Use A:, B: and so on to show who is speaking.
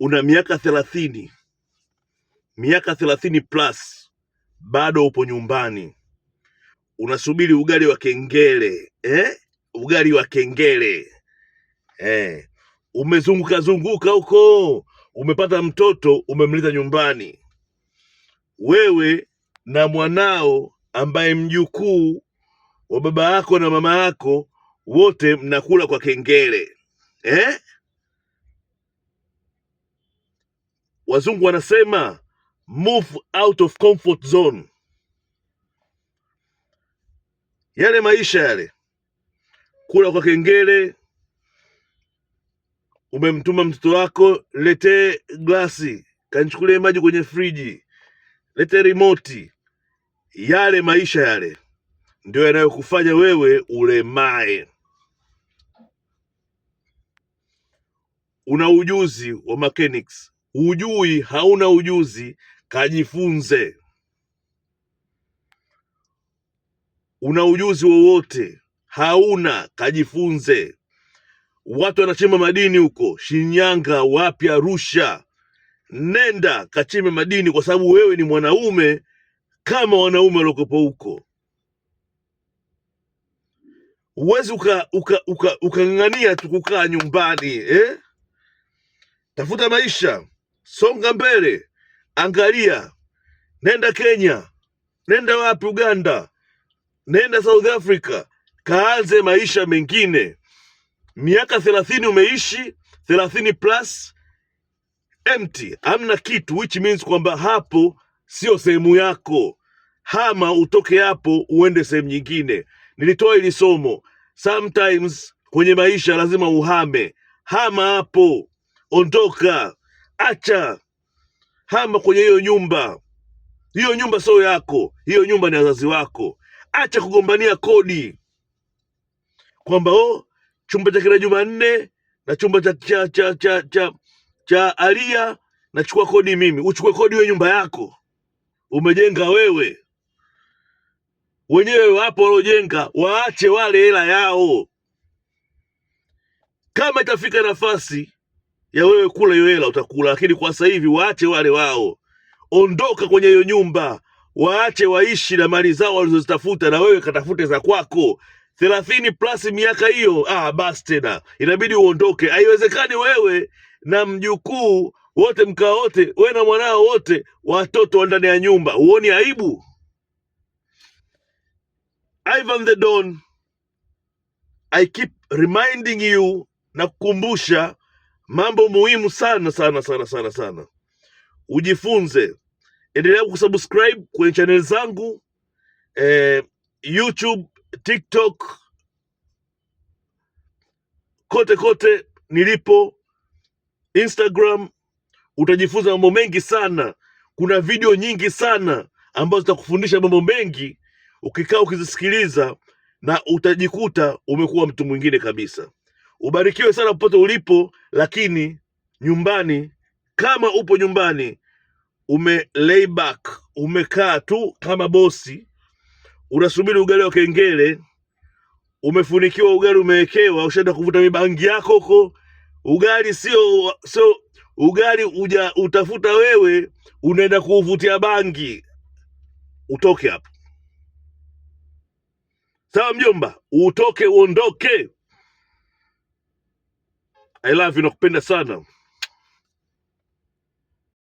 A: una miaka thelathini miaka thelathini plus bado upo nyumbani unasubiri ugali wa kengele eh? ugali wa kengele eh. Umezunguka zunguka huko, umepata mtoto, umemleta nyumbani, wewe na mwanao ambaye mjukuu wa baba yako na mama yako, wote mnakula kwa kengele eh? wazungu wanasema move out of comfort zone. Yale maisha yale, kula kwa kengele, umemtuma mtoto wako, letee glasi, kanichukulie maji kwenye friji, lete remote. Yale maisha yale ndio yanayokufanya wewe ulemae. Una ujuzi wa mechanics hujui, hauna ujuzi, kajifunze. Una ujuzi wowote? Hauna, kajifunze. Watu wanachimba madini huko Shinyanga, wapi, Arusha, nenda kachimbe madini, kwa sababu wewe ni mwanaume kama wanaume waliokopo huko. Huwezi ukang'ang'ania uka, uka, uka tu kukaa nyumbani eh? Tafuta maisha songa mbele, angalia, nenda Kenya, nenda wapi, Uganda, nenda South Africa, kaanze maisha mengine. Miaka thelathini umeishi thelathini plus empty, amna kitu, which means kwamba hapo sio sehemu yako. Hama, utoke hapo uende sehemu nyingine. Nilitoa hili somo, sometimes kwenye maisha lazima uhame. Hama hapo, ondoka acha, hama kwenye hiyo nyumba. Hiyo nyumba sio yako, hiyo nyumba ni wazazi wako. Acha kugombania kodi kwamba oh, chumba cha kina Jumanne na chumba cha cha cha cha, cha, cha Alia nachukua kodi mimi. Uchukue kodi hiyo nyumba yako umejenga wewe wenyewe wapo waliojenga, waache wale hela yao. Kama itafika nafasi ya wewe kula hiyo hela utakula, lakini kwa sasa hivi waache wale wao, ondoka kwenye hiyo nyumba, waache waishi na mali zao walizozitafuta, na wewe katafute za kwako. thelathini plus miaka hiyo, ah, basi tena inabidi uondoke. Haiwezekani wewe na mjukuu wote mkaa wote, wewe na mwanao wote, watoto wa ndani ya nyumba, huoni aibu? Ivan the Don, I keep reminding you na kukumbusha Mambo muhimu sana sana sana sana sana, ujifunze. Endelea kusubscribe kwenye channel zangu eh, YouTube, TikTok, kote kote nilipo, Instagram. Utajifunza mambo mengi sana, kuna video nyingi sana ambazo zitakufundisha mambo mengi ukikaa ukizisikiliza, na utajikuta umekuwa mtu mwingine kabisa. Ubarikiwe sana popote ulipo, lakini nyumbani, kama upo nyumbani ume lay back, umekaa tu kama bosi, unasubiri ugali wa kengele, umefunikiwa ugali, umewekewa, ushaenda kuvuta mibangi yako huko. Ugali sio sio ugali uja utafuta wewe, unaenda kuuvutia bangi, utoke hapo. Sawa mjomba, utoke uondoke. lá viu you, Nokpenda sana.